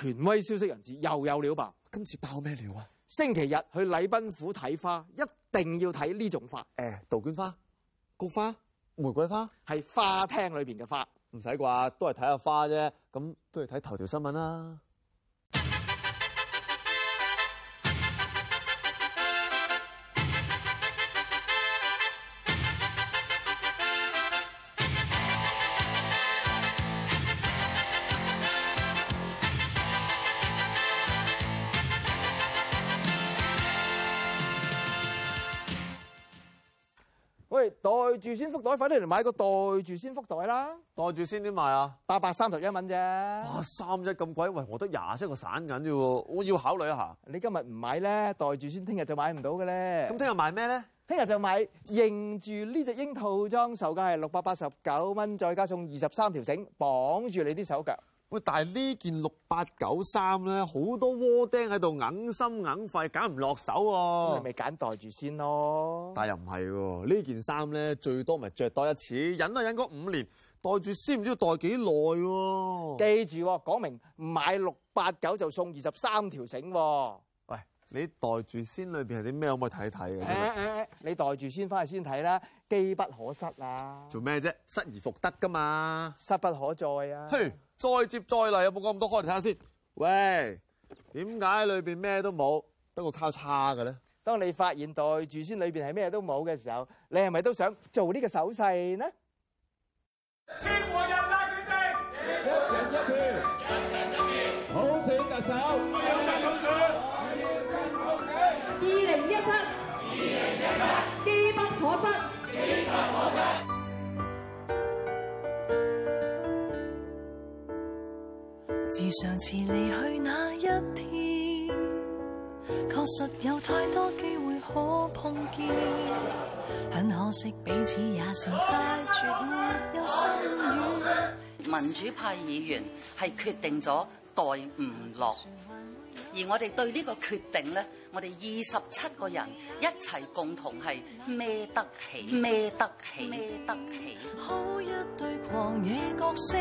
權威消息人士又有料吧？今次爆咩料啊？星期日去禮賓府睇花，一定要睇呢種花。誒、欸，杜鵑花、菊花、玫瑰花，係花廳裏邊嘅花。唔使啩，都係睇下花啫。咁不如睇頭條新聞啦。住先福袋，快啲嚟買個袋住先福袋啦！袋住先點買啊？八百三十一蚊啫！哇，三一咁貴，喂，我得廿七個散銀啫喎，我要考慮一下。你今日唔買咧，袋住先，聽日就買唔到嘅咧。咁聽日買咩咧？聽日就買，認住呢隻鷹套裝，售價係六百八十九蚊，再加送二十三條繩，綁住你啲手腳。喂，但係呢件六八九衫咧，好多窩釘喺度，硬心硬肺，揀唔落手喎、啊。你咪咪揀袋住先咯。但又唔係喎，件呢件衫咧最多咪著多一次，忍都忍嗰五年，袋住先唔知道要袋幾耐喎。記住、啊，講明買六八九就送二十三條繩喎、啊。喂，你袋住先裏面係啲咩？可唔可以睇睇嘅？你袋住先，翻去先睇啦，機不可失啊！做咩啫？失而復得㗎嘛？失不可再啊！嘿再接再厲，有冇講咁多？開台先，喂，點解裏邊咩都冇，得個交叉嘅咧？當你發現袋住先裏邊係咩都冇嘅時候，你係咪都想做呢個手勢呢？全人大決定，一人一票，一人一面，普選特首，我要真普選，我要真普選，二零一七，二零一七，機不可失。自上次離去那一天確實有太多機會可碰見，很可惜彼此也是太絕。有，有心意民主派議員係決定咗袋唔落，而我哋對呢個決定呢。我哋二十七個人一齊共同係孭得起，孭得起，孭得起。好一對狂野角色，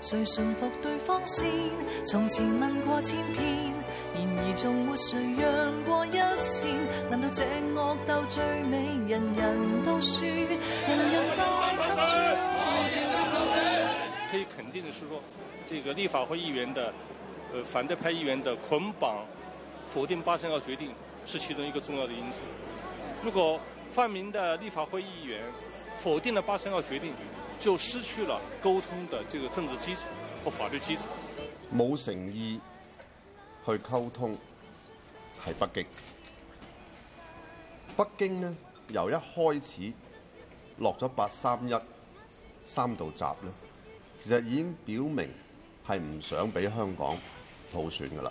誰馴服對方先？從前問過千遍，然而仲沒誰讓過一線。難道這惡鬥最迷人，人人都輸，人人都輸。可以肯定的是說，說這個立法會議員的，呃，反對派議員的捆綁。否定八三一決定是其中一個重要的因素。如果泛民的立法會議員否定了八三一決定，就失去了溝通的這個政治基礎和法律基礎。冇誠意去溝通係北京。北京呢由一開始落咗八三一三道閘咧，其實已經表明係唔想俾香港普選㗎喇。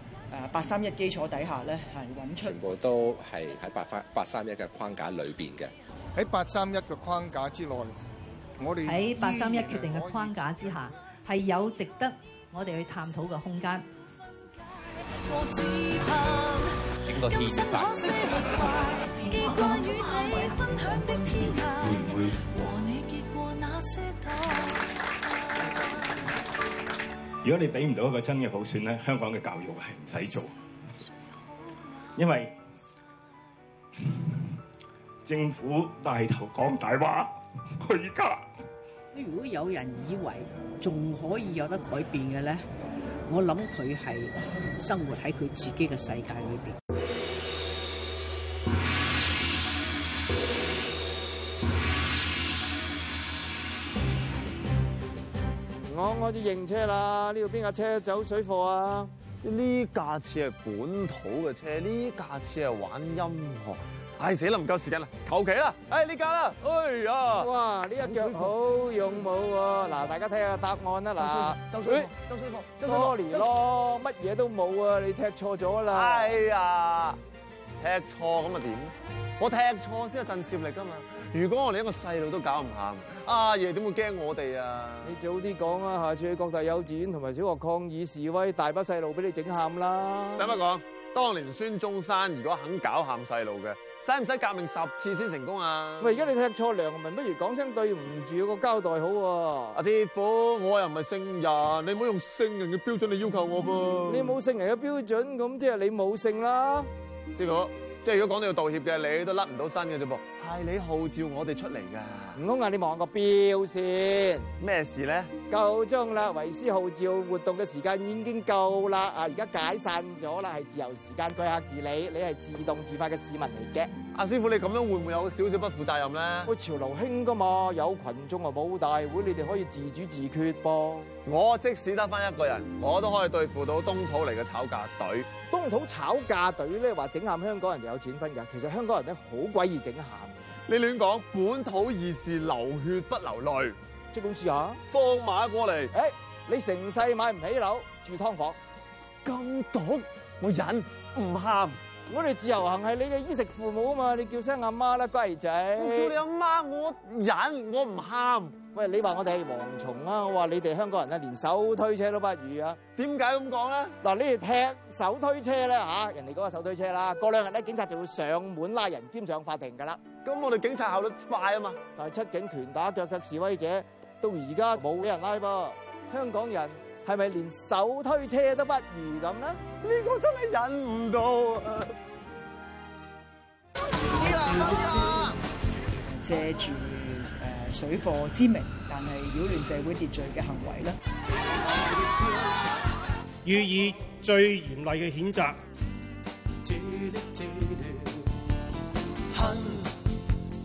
八三一基礎底下咧，係搵出全部都係喺八八三一嘅框架裏面嘅。喺八三一嘅框架之內，我哋喺八三一決定嘅框架之下，係有值得我哋去探討嘅空間。整個天白。 嗯嗯嗯嗯嗯如果你俾唔到一個真嘅普選，咧，香港嘅教育係唔使做，因為政府帶頭講大話，佢而家。如果有人以為仲可以有得改變嘅咧，我諗佢係生活喺佢自己嘅世界裏面。開始認車啦！呢度邊架車走水貨啊？呢架車係本土嘅車，呢架車係玩音樂。唉、哎，死啦，唔夠時間啦！求其啦，係、哎、呢架啦！哎呀，哇，呢一腳好勇武喎！嗱，大家睇下答案啦！嗱，走水貨，走水貨，走水貨，sorry 咯，乜嘢都冇啊！你踢錯咗啦！哎呀，踢錯咁啊點？我踢錯先有震懾力噶嘛！如果我哋一個細路都搞唔喊，阿爺點會驚我哋啊？爺爺啊，你早啲講啊，下次去各大幼稚園同埋小學抗議示威，大把細路俾你整喊啦。使乜講？當年孫中山如果肯搞喊細路嘅，使唔使革命十次先成功啊？喂，而家你踢錯良民，不如講聲對唔住，個交代好啊。阿師傅，我又唔係聖人，你唔好用聖人嘅標準嚟要求我噃。嗯。你冇聖人嘅標準，咁即係你冇性啦。師傅，即係如果講到要道歉嘅，你都甩唔到身嘅啫噃。係你號召我哋出嚟噶，悟空啊！你望個錶先咩事咧？夠鐘啦，為師號召活動嘅時間已經夠啦。啊，而家解散咗啦，係自由時間，貴客自理。你係自動自發嘅市民嚟嘅。阿、啊、師傅，你咁樣會唔會有少少不負責任咧？喂，潮流興噶嘛，有群眾啊冇大會，你哋可以自主自決噃。我即使得翻一個人，我都可以對付到東土嚟嘅吵架隊。東土吵架隊咧，話整喊香港人就有錢分㗎。其實香港人咧，好鬼易整喊。你亂講，本土義士，流血不流淚，即管試下，放馬過嚟。誒、欸，你成世買唔起樓住劏房，咁毒，我忍唔喊。我哋自由行係你嘅衣食父母啊嘛，你叫聲阿媽啦，乖仔。我叫你阿媽，我忍，我唔喊。喂，你話我哋係蝗蟲啊！我話你哋香港人咧，連手推車都不如啊！點解咁講咧？嗱、啊，你哋踢手推車咧吓、啊，人哋嗰個手推車啦、啊，過兩日咧警察就會上門拉人，兼上法庭噶啦。咁我哋警察效率快啊嘛！但係出警拳打腳踢示威者，到而家冇俾人拉噃。香港人係咪連手推車都不如咁咧？呢個真係忍唔到啊！借住誒水貨之名，但係擾亂社會秩序嘅行為咧，予以最嚴厲嘅譴責。恨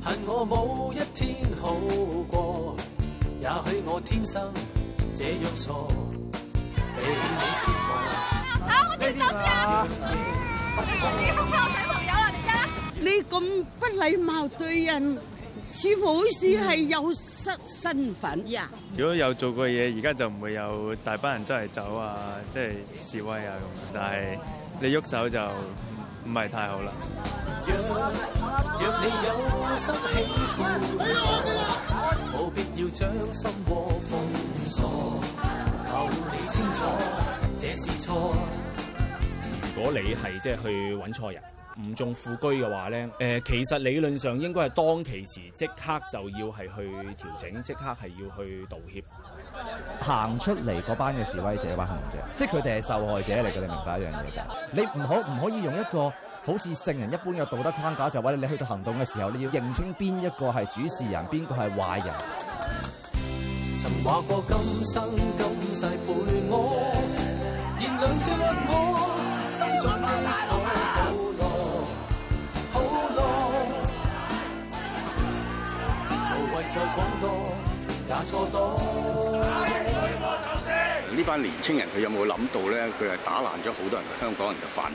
恨我某一天好過，也許我天生這樣傻，被你折磨。好，我哋走呀！你直接開翻我女朋友啦，點解？你咁不禮貌對人？似乎好似係有失身份。如果有做過嘢，而家就唔會有大班人出嚟走啊，即係示威啊咁。但係你喐手就唔係太好啦。如果你係即係去揾錯人。唔仲富居嘅話咧、呃，其實理論上應該係當其時即刻就要係去調整，即刻係要去道歉。行出嚟嗰班嘅示威者、或行動者，即係佢哋係受害者嚟嘅。你明白一樣嘢就係，你唔可唔可以用一個好似聖人一般嘅道德框架就話，你去到行動嘅時候，你要認清邊一個係主事人，邊個係壞人。曾話過今生今世陪我，言呢班年青人佢有冇諗到咧？佢係打爛咗好多人香港人嘅飯碗，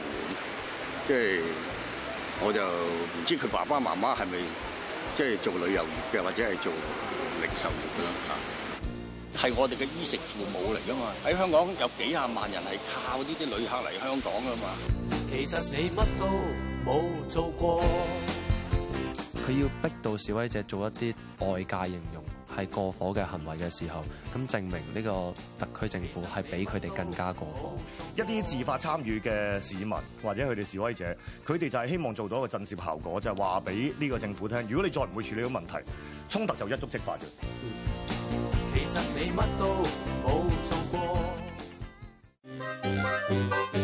即係我就唔知佢爸爸媽媽係咪即係做旅遊業嘅或者係做零售業嘅啦吓，係我哋嘅衣食父母嚟噶嘛？喺香港有幾廿萬人係靠呢啲旅客嚟香港噶嘛？其實你乜都冇做過。你要逼到示威者做一啲外界形容係過火嘅行為嘅時候，咁證明呢個特區政府係比佢哋更加過火。一啲自發參與嘅市民或者佢哋示威者，佢哋就係希望做到一個震懾效果，就係話俾呢個政府聽，如果你再唔會處理到問題，衝突就一觸即發嘅。其實你乜都冇做過。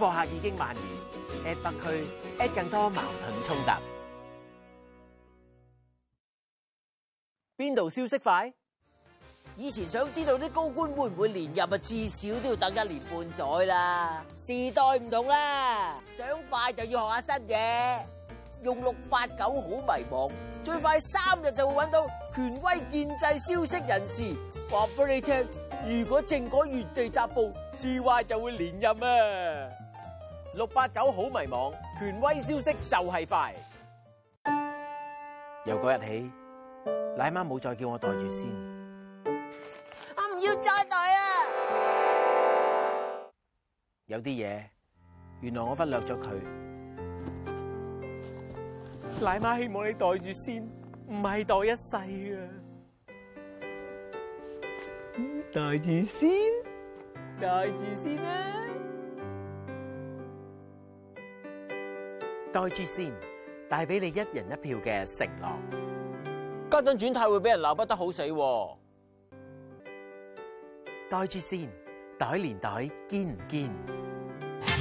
放客已經蔓延，喺北區，喺更多矛盾衝突。邊度消息快？以前想知道啲高官會唔會連任啊，至少都要等一年半載啦。時代唔同啦，想快就要學下新嘢，用六八九好迷茫，最快三日就會揾到權威建制消息人士話俾你聽。如果政改原地踏步，CY 就會連任啊！六八九好迷茫，權威消息就係快。由嗰日起，奶媽冇再叫我袋住先，我唔要再袋啊！有啲嘢，原來我忽略咗佢。奶媽希望你袋住先，唔係袋一世啊！袋住先，袋住先啦！袋住先，帶俾你一人一票嘅承諾。家陣轉態會俾人鬧不得好死啊。袋住先，袋連袋堅唔堅？看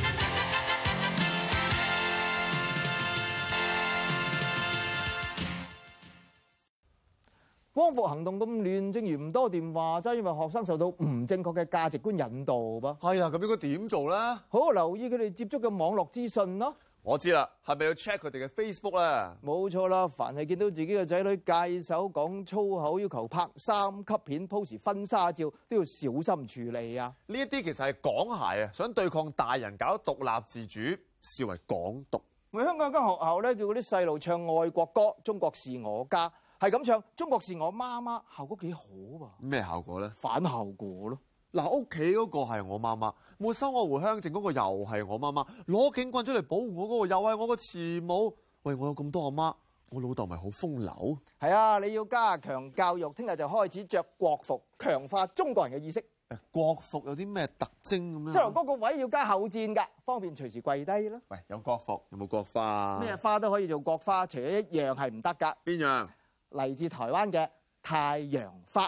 看光復行動咁亂，正如唔多電話，真係因為學生受到唔正確嘅價值觀引導噃。係啊，咁應該點做咧？好留意佢哋接觸嘅網絡資訊咯。我知啦，係咪要 check 佢哋嘅 Facebook 咧？冇錯啦，凡係見到自己嘅仔女介手講粗口，要求拍三級片、pose 婚紗照，都要小心處理啊！呢一啲其實係港孩啊，想對抗大人搞獨立自主，視為港獨。香港有一間學校咧，叫嗰啲細路唱愛國歌《中國是我家》，係咁唱《中國是我媽媽》，效果幾好噃。啊？咩效果咧？反效果咯！嗱，屋企嗰個係我媽媽，沒收我回鄉證嗰個又係我媽媽，攞警棍出嚟保護我嗰個又係我個慈母。喂，我有咁多阿媽，我老豆咪好風流？係啊，你要加強教育，聽日就開始着國服，強化中國人嘅意識。誒，國服有啲咩特徵咁啊？西嗰個位要加后箭㗎，方便隨時跪低咯。喂，有國服有冇國花？咩花都可以做國花，除咗一樣係唔得㗎。邊樣？嚟自台灣嘅太陽花。